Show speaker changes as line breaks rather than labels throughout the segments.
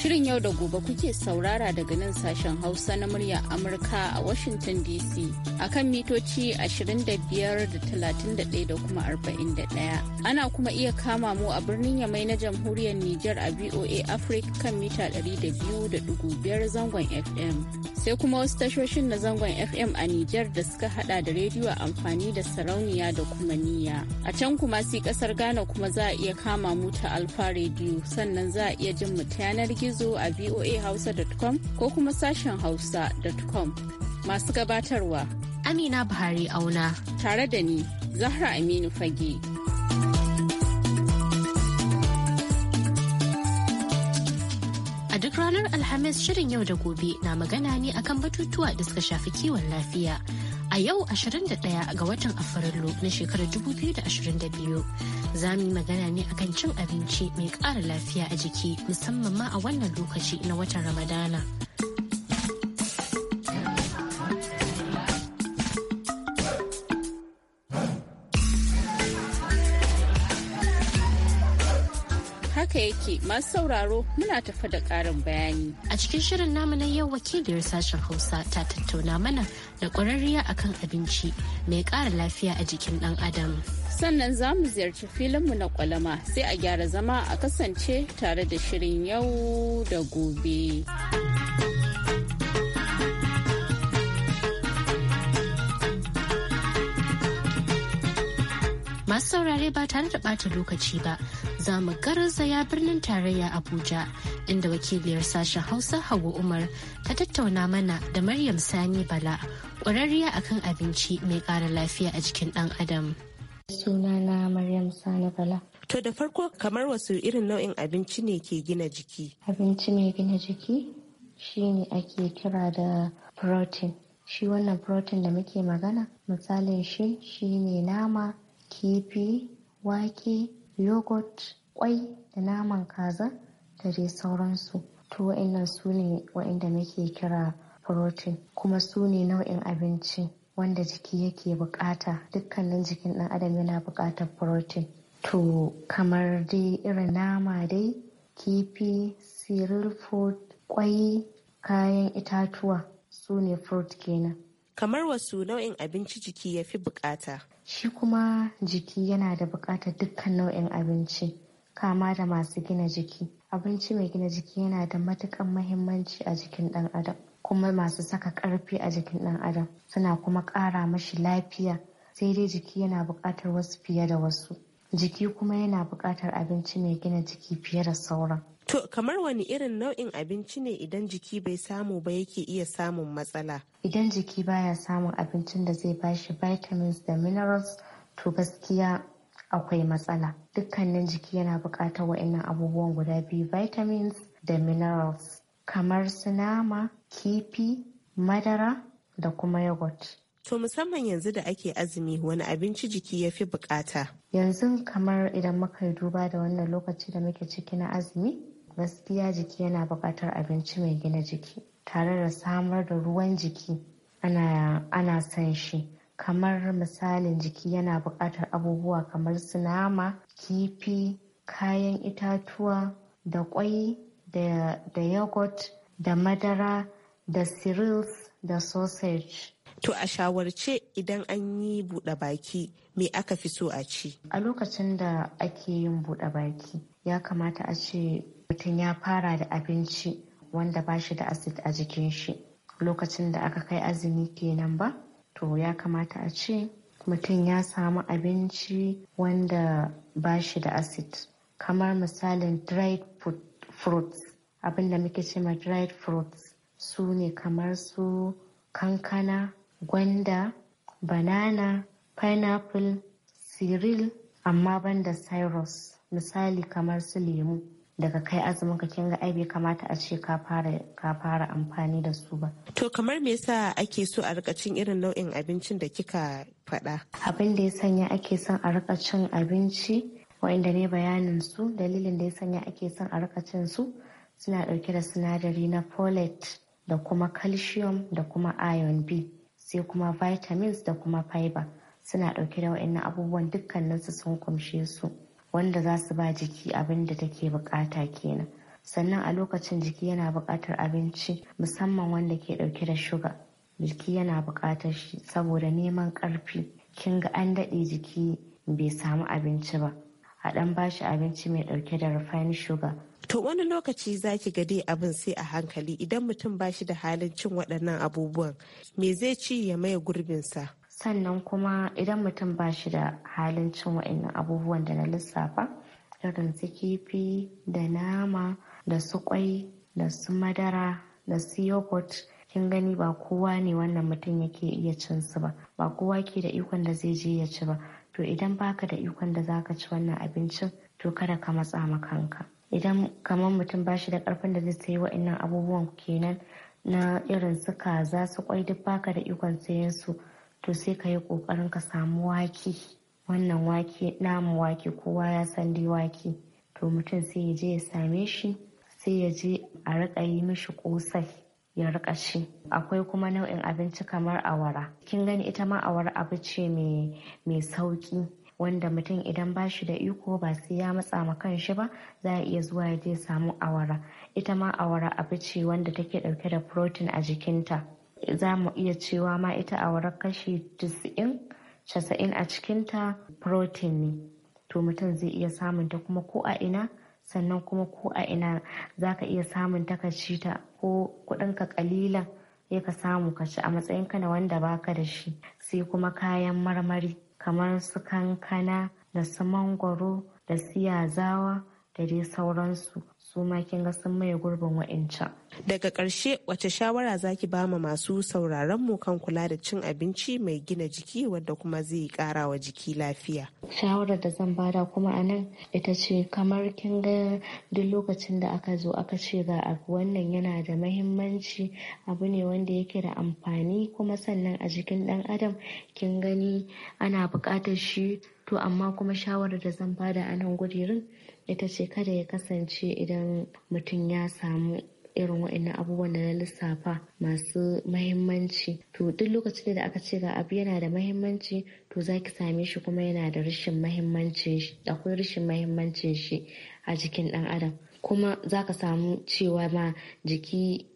Shirin yau da gobe kuke saurara daga nan sashen Hausa na murya Amurka a Washington DC a kan mitoci 25 da da kuma 41. Ana kuma iya kama mu a birnin Yamai na Jamhuriyar Nijar a VOA Africa kan mita 200.5 zangon FM. Sai kuma wasu tashoshin na zangon FM a Nijar da suka hada da rediyo a amfani da sarauniya da kuma niyya. A can kuma si kasar Ghana kuma za a iya kama mu ta Alfa Radio sannan za a iya jin mu ta yanar gizo gizo a voahausa.com ko kuma sashen hausa.com. Masu gabatarwa. Amina Buhari auna. Tare da ni, Zahra Aminu Fage.
A duk ranar Alhamis shirin yau da gobe na magana ne akan batutuwa da suka shafi kiwon lafiya. A yau 21 ga watan Afrilu na shekarar 2022. za mu yi magana ne akan cin abinci mai ƙara lafiya a jiki musamman ma a wannan lokaci na watan ramadana
haka yake masu sauraro muna tafa da ƙarin bayani.
A cikin shirin namu na yau wakiliyar sashen Hausa ta tattauna mana da ƙwararriya akan abinci mai ƙara lafiya a jikin ɗan Adam.
sannan za mu ziyarci mu na kwalama sai a gyara zama a kasance tare da shirin yau da gobe.
masu saurare ba tare da ɓata lokaci ba za mu garzaya birnin tarayya abuja inda wakiliyar sashen hausa hawa umar ta tattauna mana da maryam sani bala ƙwararriya akan abinci mai ƙara lafiya
a
jikin ɗan adam. Sunana Maryam Sani Bala.
To da farko kamar wasu irin nau'in abinci ne ke gina jiki?
Abinci mai gina jiki shi ne ake kira da protein. Shi wannan protein da muke magana misalin shi shi ne nama, kifi, wake, yogurt, kwai da naman kaza da dai sauransu. To wa'annan su ne wa'inda muke kira protein kuma su ne nau'in abinci. wanda jiki yake bukata dukkanin jikin ɗan adam yana bukatar protein to kamar dai irin nama dai kifi cereal food kwai kayan itatuwa su ne fruit kenan kamar
wasu nau'in abinci jiki ya fi bukata
shi kuma jiki yana da bukatar dukkan nau'in abinci kama da masu gina jiki abinci mai gina jiki yana da matukan mahimmanci a jikin ɗan adam kuma masu saka ƙarfi a jikin ɗan adam suna kuma ƙara mashi lafiya sai dai jiki yana buƙatar wasu fiye da wasu jiki kuma yana buƙatar abinci mai gina jiki fiye da sauran
To kamar wani irin nau'in abinci ne idan jiki bai samu ba yake iya samun matsala?
Idan jiki baya samun abincin da zai bashi vitamins da minerals to gaskiya akwai matsala. Dukkanin jiki yana buƙatar wa'annan abubuwan guda biyu vitamins da minerals. kamar su nama, kifi, madara da kuma yogurt.
To musamman yanzu da ake azumi wani abinci jiki ya fi bukata.
Yanzu kamar idan muka yi duba da wannan lokaci da muke ciki na azumi, gaskiya jiki yana bukatar abinci mai gina jiki tare da samar da ruwan jiki ana, ana son shi. Kamar misalin jiki yana bukatar abubuwa kamar su nama, kifi, kayan itatuwa da kwai da yogurt da madara da cereals da sausage. To a shawarce idan an yi
buɗe baki me aka fi so a ci?
A lokacin da ake yin buɗe baki ya kamata a ce mutum ya fara da abinci wanda ba shi da acid a jikin shi. Lokacin da aka kai azumi kenan ba, to ya kamata a ce mutum ya samu abinci wanda ba shi da acid. Kamar misalin dried food fruits abinda muke ce ma dried fruits su ne kamar su kankana gwanda banana pineapple cereal amma banda cyrus misali kamar su lemu daga kai azumin ka kinga ai bai kamata a ce ka fara amfani da su ba
to kamar me yasa ake so a rika cin irin nau'in abincin da kika faɗa
abin da ya sanya ake son a rika cin abinci wa'inda ne bayanin su dalilin da ya sanya ake son a rika cin su suna ɗauke da sinadari na folate da kuma calcium da kuma iron b sai kuma vitamins da kuma fiber suna ɗauke da wa'annan abubuwan dukkaninsu sun kumshe su wanda za su ba jiki abin da take bukata kenan sannan a lokacin jiki yana bukatar abinci musamman wanda ke ɗauke da shuga jiki yana bukatar shi saboda neman ƙarfi kin ga an daɗe jiki bai samu abinci ba a bashi abinci mai ɗauke da refined sugar.
To wani lokaci za ki ga dai abin sai a hankali idan mutum bashi da
halin cin waɗannan abubuwan me zai ci ya maye gurbinsa. Sannan kuma idan mutum bashi da halin cin waɗannan abubuwan da na lissafa irin su kifi da nama da su kwai da su madara da su yogurt kin gani ba kowa ne wannan mutum yake iya cin su ba ba kowa ke da ikon da zai je ya ci ba to idan baka da ikon da zaka ci wannan abincin to kada ka matsa ma kanka idan kamar mutum bashi da karfin da zai sayi wa'annan abubuwan kenan na irin su kaza su kwai duk baka da ikon sayan su to sai ka yi kokarin ka samu wake wannan wake namu wake kowa ya san dai wake to mutum sai ya je ya same shi sai ya je a riƙa yi mishi kosai ya rika ci akwai kuma nau'in abinci kamar awara kin gani ita ma awara abu ce mai sauki wanda mutum idan ba shi da iko ba sai ya matsa ma kan shi ba za a iya zuwa ya je samu awara ita ma awara abu ce wanda take dauke da protein a jikinta za mu iya cewa ma ita awara kashi 90 casa'in a cikinta protein ne to mutum zai iya samunta kuma ko a ina sannan kuma ko a ina za ka iya samun ta ka ci ta ko kuɗinka kalilan ya ka samu ka ci a matsayinka na wanda baka da shi sai kuma kayan marmari kamar su kankana da su mangwaro da su yazawa da dai sauransu su ma kin ga sun maye gurbin wa'incan.
Daga ƙarshe wace shawara zaki ba masu sauraron mu kan kula da cin abinci mai gina jiki wanda kuma zai ƙara wa jiki lafiya?
Shawarar da zan bada kuma a nan ita ce kamar kin ga duk lokacin da aka zo aka ce ga abu wannan yana da mahimmanci abu ne wanda yake da amfani kuma sannan a jikin ɗan adam kin gani ana buƙatar shi to amma kuma shawarar da zan bada a nan gudirin ita ce kada ya kasance idan mutum ya samu irin waɗannan abubuwan da na lissafa masu mahimmanci to duk lokacin da aka ce ga abu yana da mahimmanci to za ki same shi kuma yana da rashin mahimmancin shi akwai rashin mahimmancin shi a jikin ɗan adam kuma za ka samu cewa ma jiki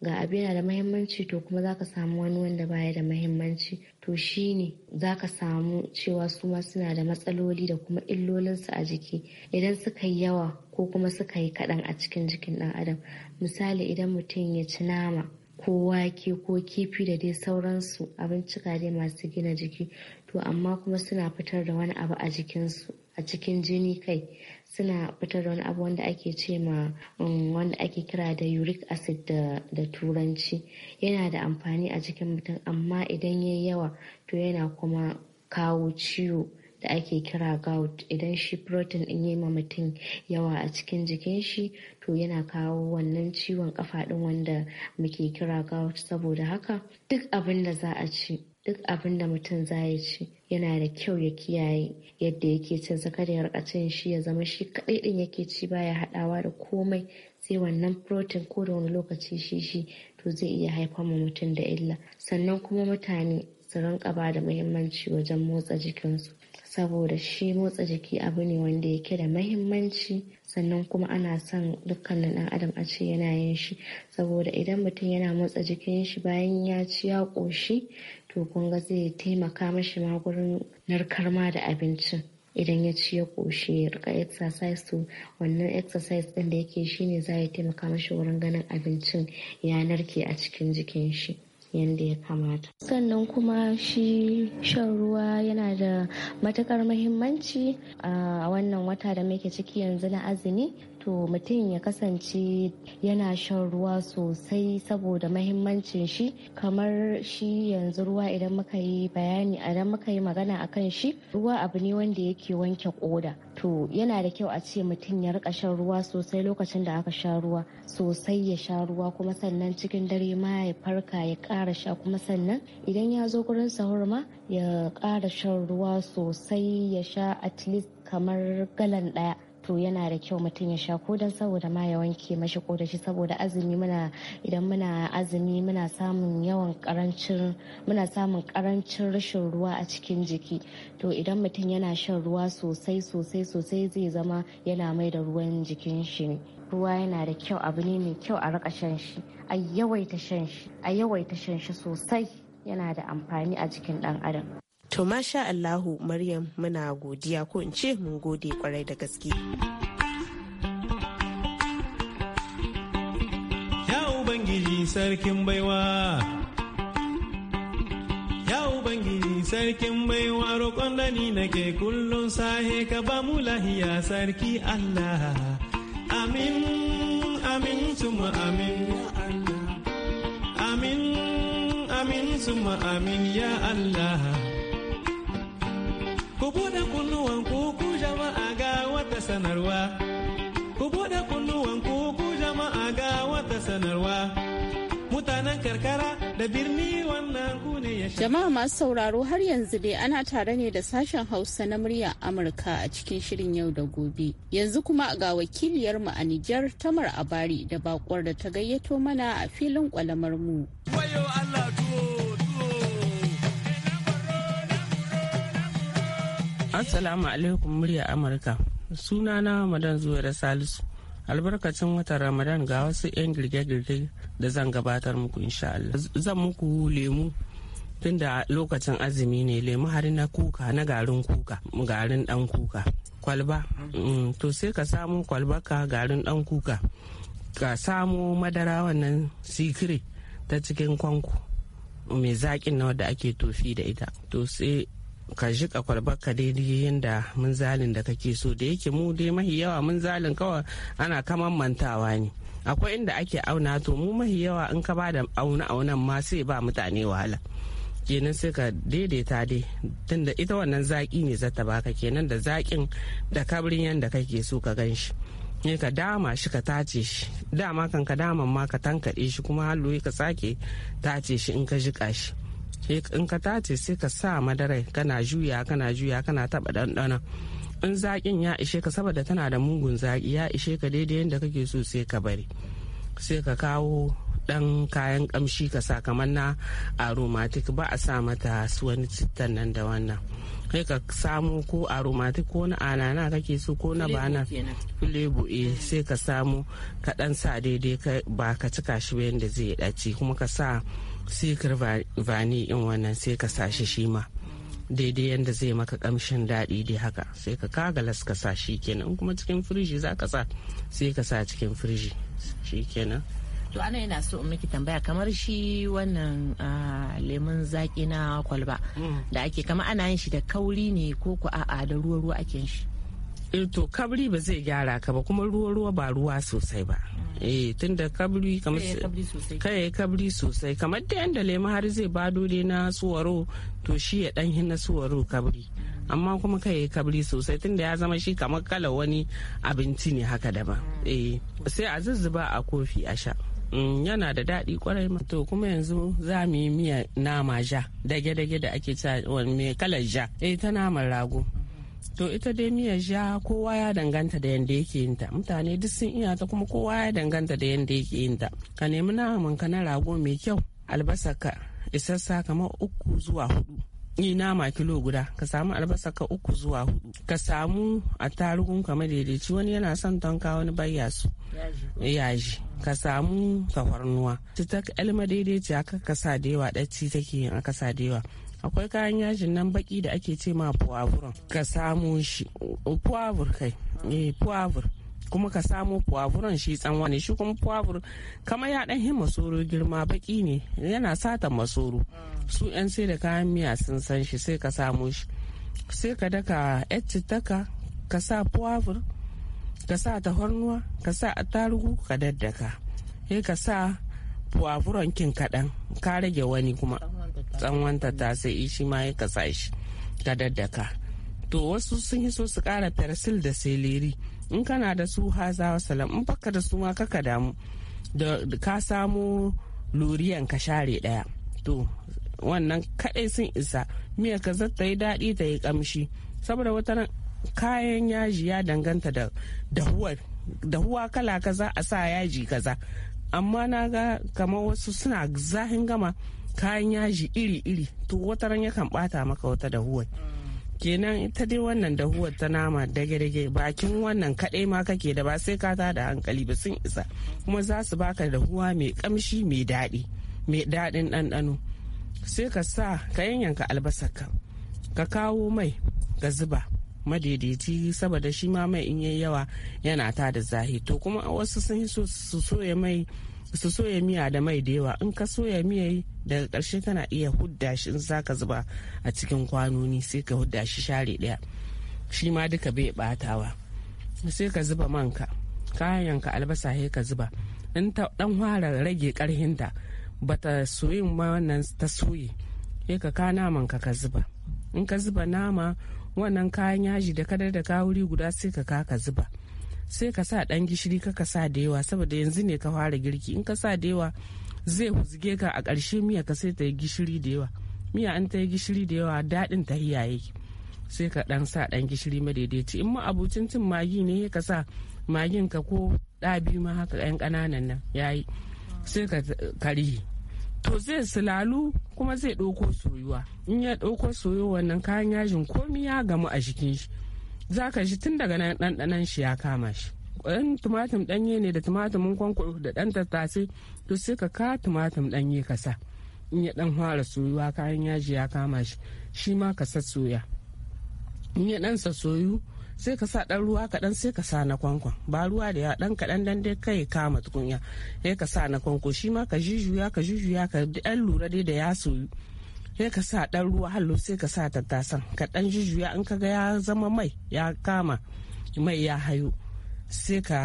ga abu yana da mahimmanci to kuma zaka samu wani wanda baya da mahimmanci to shine zaka samu cewa su ma suna da matsaloli da kuma illolinsu a jiki idan suka yi yawa ko kuma suka yi kaɗan a cikin jikin ɗan adam misali idan mutum ya ci nama ko wake ko kifi da dai sauransu abincika dai masu gina jiki to amma kuma suna fitar da wani abu a jikinsu a cikin jini kai suna fitar da wani abu wanda ake ce ma um, wanda ake kira da uric acid da turanci yana da amfani a jikin mutum amma idan ya yawa to yana kuma kawo ciwo da ake kira gout idan shi protein din yi ma mutum yawa a cikin jikin shi to yana kawo wannan ciwon kafa din wanda muke kira gout saboda haka duk abin da za a ci duk abin da mutum za ya ci yana da kyau ya kiyaye yadda yake cin zakar ya rika cin shi ya zama shi kaɗai ɗin yake ci baya haɗawa da komai sai wannan protein ko da wani lokaci shi shi to zai iya haifar ma mutum da illa sannan kuma mutane su rinka ba da muhimmanci wajen motsa jikinsu saboda shi motsa jiki abu ne wanda yake da mahimmanci sannan kuma ana son dukkanin ɗan adam a ce yana yin shi saboda idan mutum yana motsa jikin shi bayan ya ci ya ƙoshi to kun ga zai taimaka mashi ma gurin narkar ma da abincin idan ya ci ya ƙoshi ya rika exercise to wannan exercise ɗin da yake ne za ya taimaka mashi wurin ganin abincin ya narke a cikin jikin shi yadda ya kamata sannan kuma shi shan ruwa yana da matukar mahimmanci a wannan wata da muke ciki yanzu na azumi to mutum ya kasance yana shan ruwa sosai saboda mahimmancin shi kamar shi yanzu ruwa idan muka yi bayani idan muka yi magana a kan shi ruwa abu ne wanda yake wanke koda to yana da kyau a ce mutum ya rika shan ruwa sosai lokacin da aka sha ruwa sosai ya sha ruwa kuma sannan cikin dare ma ya farka ya ƙara sha kuma sannan idan ya zo gurin sahur ma ya ƙara shan ruwa sosai ya sha at least kamar galan ɗaya to yana da kyau mutum ya sha ko dan saboda ma ya wanke mashi kodashi saboda azumi muna idan muna azumi muna samun yawan karancin muna samun karancin rashin ruwa a cikin jiki to idan mutum yana shan ruwa sosai sosai sosai zai zama yana mai da ruwan jikin shi ruwa yana da kyau abu ne mai kyau a rika shan shi a yawaita shan shi a yawaita shan shi sosai yana da amfani a jikin dan adam To masha Allahu Maryam muna godiya ko in ce mun gode kwarai da gaske.
Ya Ubangiji sarkin baiwa. Ya Ubangiji sarkin baiwa roƙon da ni nake kullum sahe ka ba mu lahiya sarki Allah. Amin, amin, tuma amin, ya Allah. Amin, amin, tuma amin, ya Allah. Ku buɗe kunnuwan ku jama'a ga wata sanarwa. Ku buɗe kunnuwan ku jama'a ga wata sanarwa. Mutanen karkara da birni wannan ku ne ya Jama'a
masu sauraro har yanzu dai ana tare ne da sashen Hausa na murya Amurka a cikin shirin yau da gobe. Yanzu kuma ga wakiliyarmu a Nijar Tamar Abari da bakwar da ta gayyato mana a filin
kwalamar mu. Wayo Assalamu alaikum murya Amurka. suna Sunana Madan da Salisu. Albarkacin watan Ramadan ga wasu 'yan girge-girge da zan gabatar muku insha Allah. Zan muku lemu tun da lokacin azumi ne lemu har na kuka na garin kuka garin dan kuka kwalba mm, to sai ka samu kwalbaka garin dan kuka ka samo madara wannan sikiri ta cikin kwanku mai zaƙin na wadda ake tofi da ita to sai ka jika ka daidai yadda mun zalin da kake so da yake mu dai mahi yawa mun zalin kawai ana kaman mantawa ne akwai inda ake auna to mu mahi yawa in ka bada auna aunan ma sai ba mutane wahala kenan sai ka daidaita dai tunda ita wannan zaki ne zata baka kenan da zakin da kabrin yadda kake so ka gan shi ne ka dama shi ka tace shi dama kan ka dama ma ka tankaɗe shi kuma halloyi ka sake tace shi in ka jiƙa shi in ka tace sai ka sa madarai kana juya kana juya kana taba ɗanɗana in zaƙin ya ishe ka saboda tana da mugun zaƙi ya ishe ka daidai yadda kake so sai ka bari sai ka kawo dan kayan kamshi ka sa kamar na aromatic ba a sa mata su wani cittan nan da wannan kai ka samu ko aromatic ko na anana kake so ko na bana flavor eh sai ka samu ka dan sa daidai ba ka cika shi yadda zai dace kuma ka sa sai ka vani in wannan sai ka sashi shi ma daidai yadda zai maka kamshin daɗi dai haka sai ka kagalas ka sa shi kenan kuma cikin firji za ka sa sai ka sa cikin firji shi kenan
to ana yana so in miki tambaya kamar shi wannan ah, lemun zaki na kwalba mm. da ake kama ana yin shi da kauri ne ko ku a'a da ruwa ruwa ake shi
Eh, to kabri ba zai gyara ka ba kuma ruwa ruwa ba ruwa sosai ba eh tunda kabri kamar eh, kai kabri sosai kamar da yanda lema har zai ba dai na suwaro to shi ya dan na suwaro kabri amma kuma kai kabri sosai tunda ya zama shi kamar kala wani abinci ne haka daban eh sai a zuzzuba a kofi a sha mm, yana da daɗi kwarai to kuma yanzu za mu yi miya nama ja dage-dage da ake ta mai kalar ja eh ta naman rago to ita dai miyar ja kowa ya danganta da yadda yake yin ta mutane duk sun iya ta kuma kowa ya danganta da yadda yake yin ta ka nemi naman ka na rago mai kyau albasa ka isassa kamar uku zuwa hudu yi nama kilo guda ka samu albasa ka uku zuwa hudu ka samu attarugun ka madaidaici wani yana son tonka wani bayya su yaji ka samu tafarnuwa ta elma daidaici a kasa da yawa ɗaci take yin a sa da yawa akwai kayan yajin nan baki da ake ce ma puwavuron ka samo shi uh, puwavur kai eh puwavur kuma ka samo puwavuron shi tsanwa ne shi kuma puwavur kama ya dan hin masoro girma baki ne yana sata masoro su yan sai da kayan miya sun san shi sai ka samo shi sai ka daka yar ka sa puwavur ka sa ta tahornuwa ka sa attarugu ka daddaka sai ka sa puwavuron kin kaɗan ka rage wani kuma tsanwanta ta sai shi ma ya katsa shi ta daddaka to wasu sun yi so su kara persil da seleri in kana da su wa salam in baka da su ma kaka damu da ka samu luriyan ka share daya to wannan kadai sun isa miya ka zata yi daɗi ta yi kamshi saboda wata kayan yaji ya danganta da dahuwa kala kaza a sa yaji kaza amma na ga kamar wasu suna zahin gama kayan yaji iri-iri to wata ran yakan bata maka wata dahuwar kenan ita dai wannan dahuwar ta nama dage-dage bakin wannan kaɗai ma kake da ba sai ka da hankali ba sun isa kuma za su baka dahuwa mai kamshi mai daɗi mai daɗin ɗanɗano sai ka sa ka yanyanka albasar ka ka kawo mai ga zuba madaidaici saboda shi ma mai in yayi yawa yana ta da zahi to kuma wasu sun so su soya mai su soya miya da mai da yawa in ka soya miya daga ƙarshe kana iya hudda shi in ka zuba a cikin kwanoni sai ka hudda shi share ɗaya shi ma duka bai batawa sai ka zuba manka kayan ka albasa sai ka zuba in ta dan fara rage ba ta soyin ma wannan ta soye sai ka ka naman ka ka zuba in ka zuba nama wannan kayan yaji da kadar da ka wuri guda sai ka ka zuba sai ka sa ɗan gishiri ka sa da yawa saboda yanzu ne ka fara girki in ka sa da yawa zai huzge ka a ƙarshe miya ka sai ta yi gishiri da yawa miya an ta yi gishiri da yawa daɗin ta hiyaye sai ka ɗan sa ɗan gishiri madaidaici in ma abucin cin magi ne ka sa magin ka ko ɗabi ma haka ɗan ƙananan nan yayi sai ka kari to zai sulalu kuma zai ɗauko soyuwa in ya ɗauko soyuwa wannan kayan yajin komi ya gamu a jikin shi za ka ji tun daga nan ɗanɗanan shi ya kama shi ɗan tumatum ɗanye ne da tumatumin kwanko da ɗan tattasai to sai ka ka tumatum ɗanye ka sa in ya ɗan fara soyuwa kayan yaji ya kama shi shi ma ka soya in ya ɗan soyu sai ka sa ɗan ruwa kaɗan sai ka sa na kwankwan ba ruwa da ya ɗan kaɗan dan dai kai kama tukunya sai ka sa na kwankwan shi ma ka jujjuya ka jujjuya ka ɗan lura dai da ya soyu sai ka sa ɗan ruwa hallo sai ka sa tattasan ka ɗan jujjuya in kaga ga ya zama mai ya kama mai ya hayo sai ka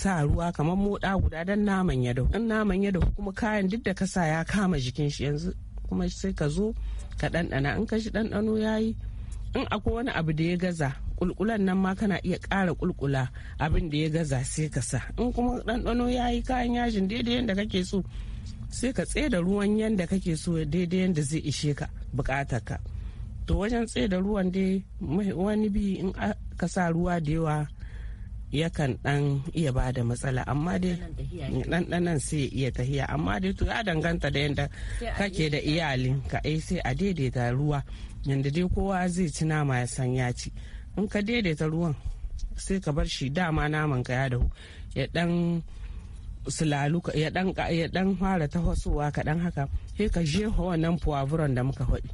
sa ruwa kamar moɗa guda dan naman ya dau dan naman ya dau kuma kayan duk da ka sa ya kama jikin shi yanzu kuma sai ka zo ka ɗanɗana in ka shi ɗanɗano ya yi in akwai wani abu da ya gaza kulkulan nan ma kana iya kara kulkula abin da ya gaza sai ka sa in kuma ɗanɗano ya yi kayan yajin daidai yadda kake so sai ka tsaye da ruwan yadda kake so daidai yadda zai ishe ka bukatar ka to wajen tsaye da ruwan dai wani bi in ka sa ruwa da yawa yakan dan iya ba da matsala amma dai ɗanɗanan sai iya tahiya amma dai to ya danganta da yadda kake da iyalin ka ai eh, sai a daidaita ruwa yadda dai kowa zai ci nama ya san ya ci in ka daidaita ruwan sai ka bar shi dama naman ka ya dahu ya dan sulalu ya dan ya dan fara ka kaɗan haka he ka jefa wannan puwavuran da muka faɗi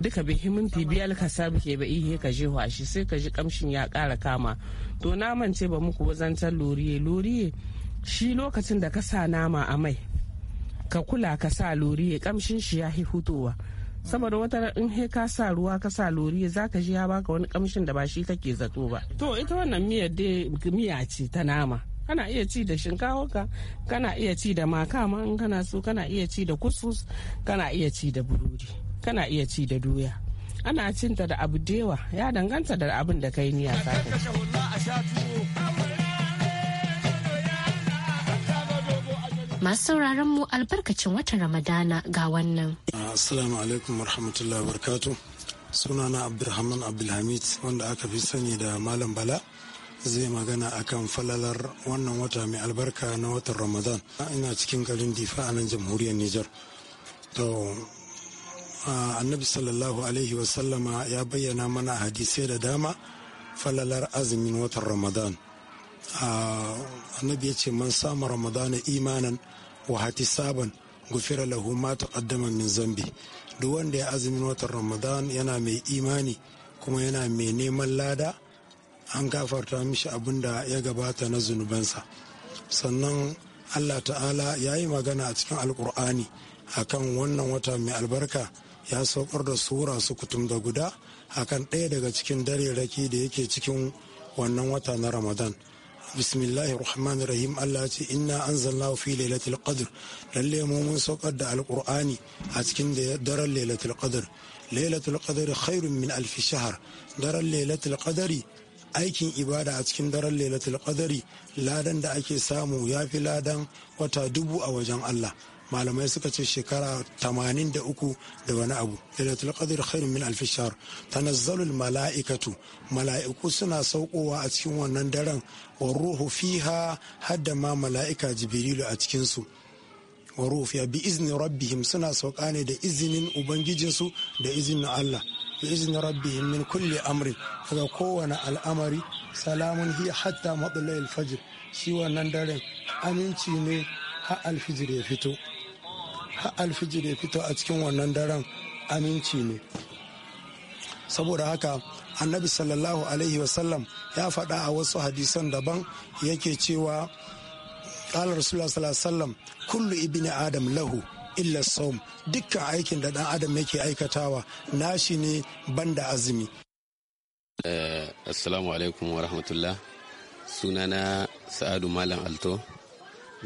duka bi himin biyar ka sabu ke ba ihe ka shi sai ka ji kamshin ya kara kama to naman ce ba muku wazantar loriye loriye shi lokacin da ka sa nama a mai ka kula ka sa loriye kamshin shi ya hi hutowa saboda wata in he ka sa ruwa ka sa lori za ka ji ya baka wani kamshin da ba shi kake zato ba to ita wannan miyar dai miya ce ta nama kana iya ci da shinkawarka kana iya ci da makama in kana so kana iya ci da kusus kana iya ci da bururi kana iya ci da doya ana cinta da abu dewa ya danganta da abin da kai niyya ka
masu sauraron mu albarkacin watan ramadana ga wannan
assalamu alaikum warahmatullahi wabarakatuh sunana abdulrahman abdulhamid wanda aka fi sani da malam bala zai magana akan falalar wannan wata mai albarka na watan Ramadan. Ina cikin garin Difa a nan jamhuriyar Nijar. To annabi sallallahu alaihi wasallama ya bayyana mana hadisai da dama falalar azumin watan Ramadan. Annabi ya ce man samu Ramadana imanan wa sabon, gufira lahu ma taqaddama min zambi. Duk wanda ya azumin watan Ramadan yana mai imani kuma yana mai neman lada. an gafarta mishi abin da ya gabata na zunubansa sannan allah ta'ala ya yi magana a cikin alkur'ani a kan wannan wata mai albarka ya saukar da sura su kutum da guda kan ɗaya daga cikin dare raki da yake cikin wannan wata na ramadan bismillahi rahmanir rahim Allah ce inna anzalnahu fi lailatul qadr lalle mu mun saukar da al'kur'ani a cikin daren lailatul qadr lailatul qadr khairun min alf shahr daren lailatul qadri aikin ibada a cikin daren lailatul qadari ladan da ake samu ya fi ladan wata dubu a wajen Allah malamai suka ce shekara 83 da wani abu lailatul qadr khairun min alf shahr al malaikatu malaiku suna saukowa a cikin wannan daren wa ruhu fiha hadda ma malaika jibrilu a cikin su wa ruhu fiha bi izni rabbihim suna sauka ne da izinin ubangijinsu da izinin Allah bi izni rabbihim min kulli amri daga kowane al'amari salamun hiya hatta matsalai fajir shi wannan daren aminci ne ha alfijir ya fito ha alfijir ya fito a cikin wannan daren aminci ne saboda haka annabi sallallahu alaihi wasallam ya faɗa a wasu hadisan daban yake cewa ƙalar rasulullah sallallahu alaihi wasallam kullu ibini adam lahu illa saum dukkan aikin da dan adam yake aikatawa na shi ne ban da azumi
eh, assalamu alaikum wa rahmatullah sunana sa'adu malam alto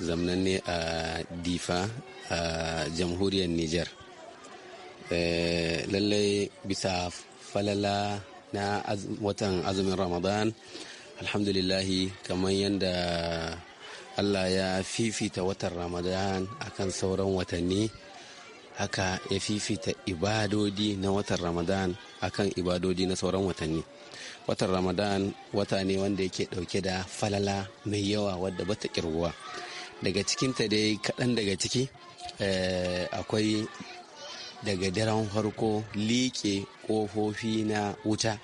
zamnan ne a difa a jamhuriyar niger eh, lallai bisa falala na watan azumin ramadan alhamdulillahi kamar yadda Allah ya fifita watan Ramadan akan sauran watanni haka ya fifita ibadodi na watan Ramadan akan ibadodi na sauran watanni. Watan Ramadan wata ne wanda yake ɗauke da falala mai yawa wadda bata kirguwa. Daga cikinta dai kaɗan daga ciki eh, akwai daga daren farko liƙe ƙofofi na wuta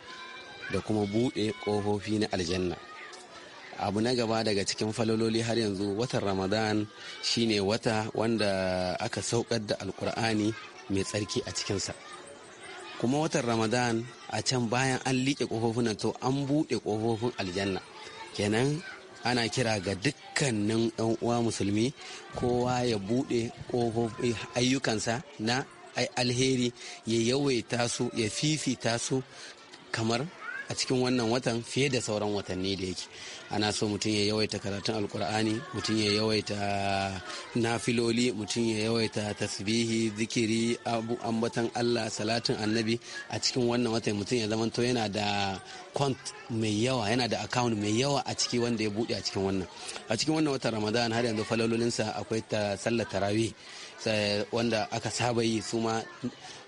da kuma buɗe ƙofofi na aljanna. abu na gaba daga cikin falololi har yanzu watan ramadan shine wata wanda aka saukar da alkur'ani mai tsarki a cikinsa kuma watan ramadan a can bayan an liƙe ƙofofin to an buɗe ƙofofin aljanna kenan ana kira ga dukkanin ɗan uwa musulmi kowa ya buɗe ayyukansa na alheri ya yawaita su ya fifita su kamar a cikin wannan watan fiye da sauran watanni da yake ana so mutum ya yawaita karatun alkur'ani mutum ya yawaita nafiloli mutum ya yawaita tasbihi zikiri abu ambatan allah salatin annabi a cikin wannan watan mutum ya zama to yana da kwant mai yawa yana da account mai yawa a ciki wanda ya buɗe a cikin wannan a cikin wannan watan ramadan har yanzu falalolinsa akwai ta sallar tarawih Eh, wanda aka saba yi su ma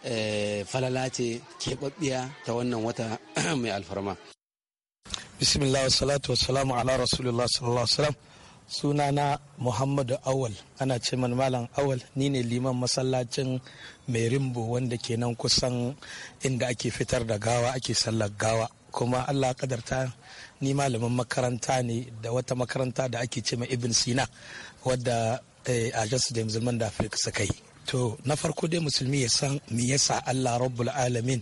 eh, falala ce keɓaɓɓiya ta wannan wata mai alfarma.
bismillah salatu wasalamu ala rasulullah sallallahu suna sunana muhammadu awal ana ce man malam awal ni ne liman masallacin merimbo wanda ke nan kusan inda ake fitar da gawa ake sallar gawa kuma allah kadarta ni malamin makaranta ne da wata makaranta da ake ce ma ibn sina wadda Eh, Agence da Musulman da Afirka suka yi. To, na farko dai musulmi ya san me yasa Allah Rabbul Alamin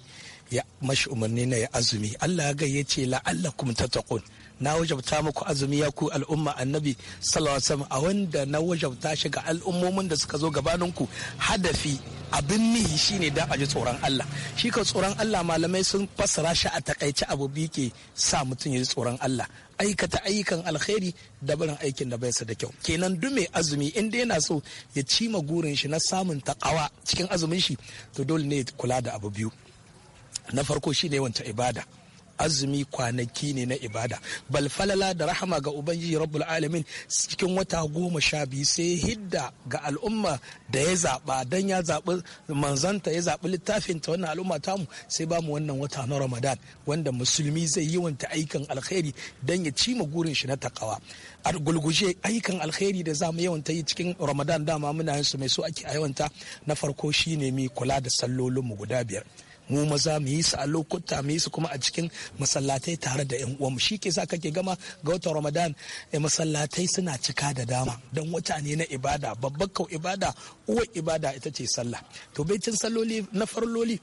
ya mashi umarni na ya azumi. Allah ya gayyace la'allakum tattaqun. na wajabta muku azumi ya ku al'umma annabi sallallahu a wanda na wajabta shi ga al'ummomin da suka zo gabaninku hadafi abin nihi shine da a ji tsoron Allah shi ka tsoron Allah malamai sun fassara shi a takaice abu biyu ke sa mutum ya ji tsoron Allah aikata ayyukan alkhairi da barin aikin da bai sa da kyau kenan duk mai azumi inda yana so ya cima gurin shi na samun takawa cikin azumin shi to dole ne kula da abu biyu na farko shine wancan ibada azumi kwanaki ne na ibada bal falala da rahama ga ubangiji rabbul alamin cikin wata goma sha biyu sai hidda ga al'umma da ya zaɓa dan ya zaɓi manzanta ya zaɓi littafin ta wannan al'umma tamu sai ba mu wannan wata na ramadan wanda musulmi zai yi wanta aikin alkhairi dan ya cima gurin shi na takawa a gulguje aikin alkhairi da za mu yawanta yi cikin ramadan dama muna yin su mai so ake a na farko shine mi kula da sallolin mu guda biyar mu maza mu yi su a lokuta mu yi su kuma a cikin masallatai tare da yan uwanmu shi ke sa kake gama ga watan ramadan eh, masallatai suna cika da dama don wata ne na ibada babbar kau ibada uwar ibada ita ce sallah to baitin salloli na farloli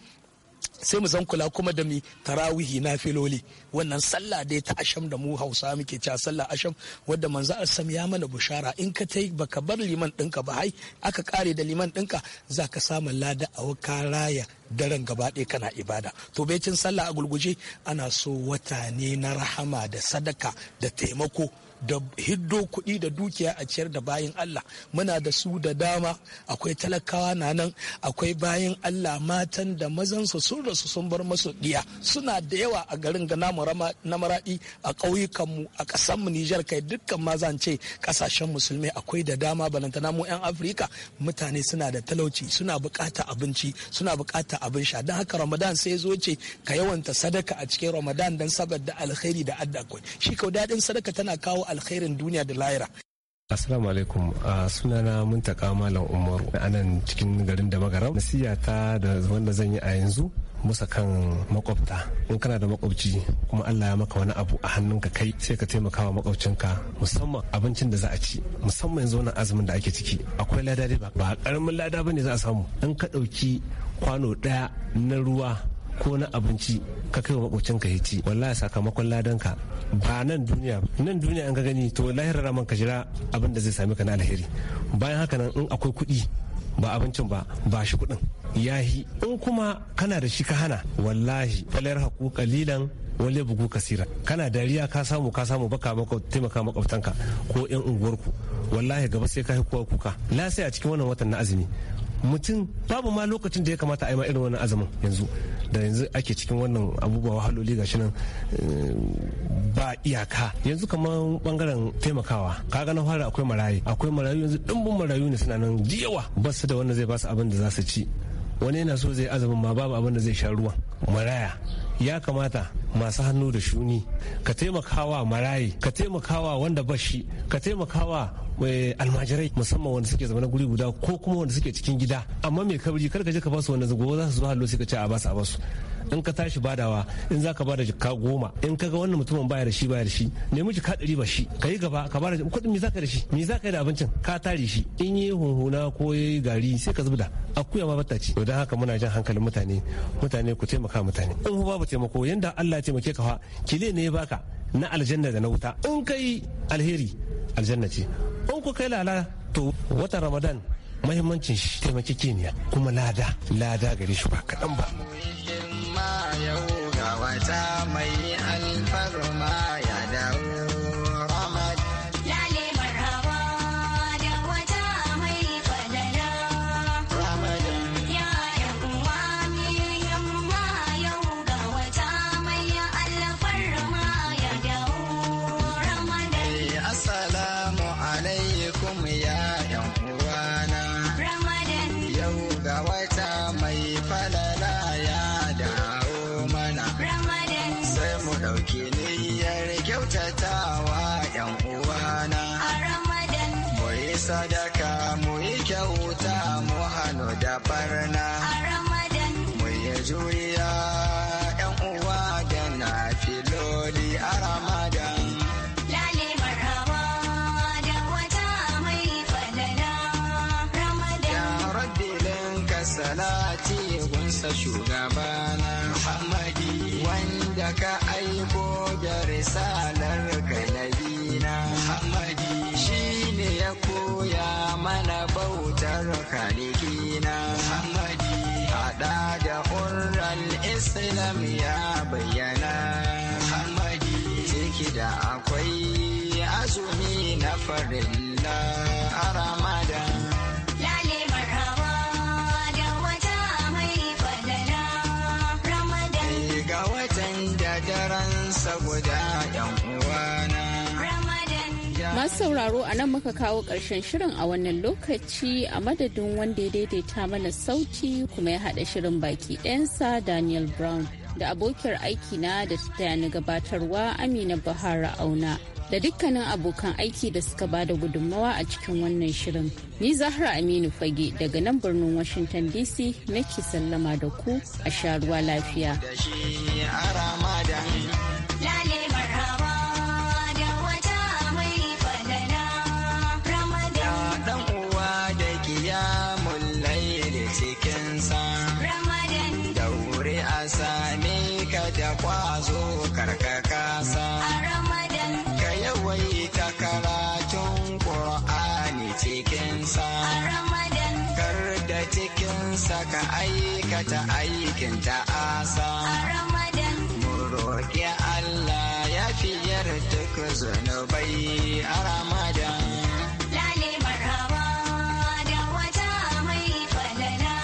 sai mu zan kula kuma da mi tarawihi na filoli wannan sallah dai ta asham da mu hausa muke cewa sallah asham wadda manzo alsam ya mana bushara in ka tai baka bar liman dinka ba hai aka kare da liman dinka za ka samu lada a waka raya daren gaba ɗaya kana ibada to becin sallah a gulguje ana so wata ne na rahama da sadaka da taimako da hiddo kuɗi da dukiya a ciyar da bayan Allah muna da su da dama akwai talakawa na nan akwai bayan Allah matan da mazan su sun rasu sun bar masu diya suna da yawa a garin ga namu na maraɗi a mu a mu Nijar kai dukkan ma zan ce ƙasashen musulmai akwai da dama balanta namu 'yan Afirka mutane suna da talauci suna buƙata abinci suna buƙata abin sha don haka Ramadan sai zo ce ka yawanta sadaka a cikin Ramadan don saboda alkhairi da adda shi kau daɗin sadaka tana kawo alkhairin duniya da
Assalamu alaikum a sunana Muntaka Malam Umaru a nan cikin garin da magara nasiya ta da wanda zan yi a yanzu musa kan makwabta in kana da makwabci kuma Allah ya maka wani abu a hannunka kai sai ka taimaka wa makwabcinka musamman abincin da za a ci musamman yanzu wannan azumin da ake ciki akwai lada ba ba karamin lada bane za a samu in ka ɗauki kwano ɗaya na ruwa ko na abinci ka kai wa makocin ka hici wallahi sakamakon ladan ka ba nan duniya nan duniya an ka gani to lahirar raman ka jira abin da zai sami ka na alheri bayan haka nan in akwai kuɗi ba abincin ba ba shi kuɗin yahi in kuma kana da shi ka hana wallahi falayar haku kalilan wale bugu kasira kana dariya ka samu ka samu baka maka taimaka makwabtanka ko yan unguwarku wallahi gaba sai ka yi kuka lasai a cikin wannan watan na azumi mutum babu ma lokacin da ya kamata a yi ma irin wannan azumin yanzu da yanzu ake cikin wannan abubuwa wahaloli ga nan eh, ba iyaka yanzu kamar bangaren taimakawa kaga na fara akwai marayu akwai marayu yanzu dimbin marayu ne suna nan jiyawa basu da wanda zai ba su abin da za su ci wani yana so zai azumin ma babu abin da zai sha ruwan maraya ya kamata masu hannu da shuni ka taimakawa marayi ka taimakawa wanda ba shi ka taimakawa eh, almajirai musamman wanda suke zama na guri guda ko kuma wanda suke cikin gida amma mai kabri kar ka je ka basu wanda gobe za su zo hallo sai ka ce a basu a basu in ka tashi badawa in za ka bada jikka goma in ka ga wannan mutumin baya da shi baya da shi nemi jikka ɗari ba shi ka yi gaba ka bada kuɗin me za ka da shi me za ka yi da abincin ka tare shi in yi hunhuna ko ya yi gari sai ka zubda akuya ma bata ce don haka muna jan hankalin mutane mutane ku taimaka mutane in babu taimako yanda Allah ya taimake ka fa kile ne ya baka na aljanna da na wuta in ka yi alheri aljanna ce in ku kai lala to watan ramadan mahimmancin shi taimakekeniya kuma lada lada gare shi ba kaɗan ba
ma yau ga wata mai alfarma farin
sauraro a nan muka kawo ƙarshen shirin a wannan lokaci a madadin wanda ya daidaita mana sauti kuma ya haɗa shirin baki ɗansa Daniel Brown da abokiyar aiki na da ta gabatarwa Amina Bahara Auna. Da dukkanin abokan aiki da suka ba da gudunmawa a cikin wannan shirin. Ni Zahra Aminu Fage daga nan birnin Washington DC nake sallama da ku a sha ruwa lafiya.
ta aikin ta asa
Ramadan
Muro ke Allah ya fi yar ta kuzo na bai
Lale barawa da wata mai falala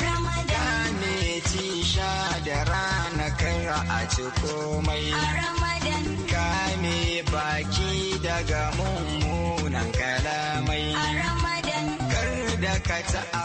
Ramadan Kane
da rana kara a ci komai
Ramadan Kane
baki daga mu